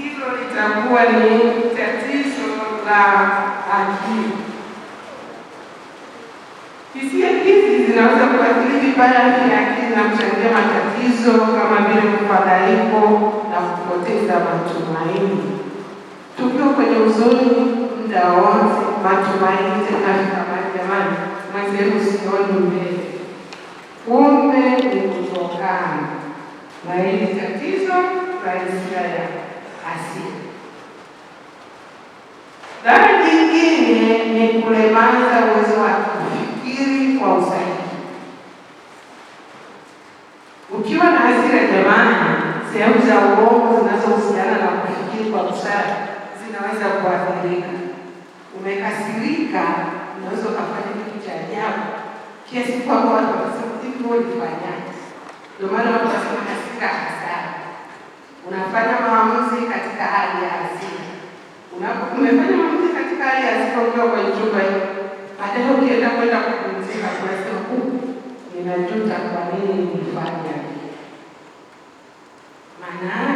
hilo litakuwa ni tatizo la akili. Hisia hizi zinaweza kuathiri vibaya akili na kuchangia matatizo kama vile mfadhaiko na kupoteza matumaini. Tukiwa kwenye huzuni muda wote, matumaini tena vikamani, jamani, mwenzenu sioni mbele, kumbe ni kutokana na hili tatizo la hisia yako asili. Dhana nyingine ni kulemaza uwezo wa kufikiri kwa usahihi. Ukiwa na hasira jamani, sehemu za ubongo zinazohusiana na kufikiri kwa busara zinaweza kuathirika. Umekasirika, unaweza ukafanya kitu cha ajabu kiasi kwamba watu wanasema hivi, ulifanyaje? Ndio maana watu wanasema hasira hasara, unafanya umefanya maamuzi katika hali ya sifa ukiwa kwenye chumba hiyo, baadaye ukienda kwenda kupumzika, unasema ninajuta kwa nini nilifanya maana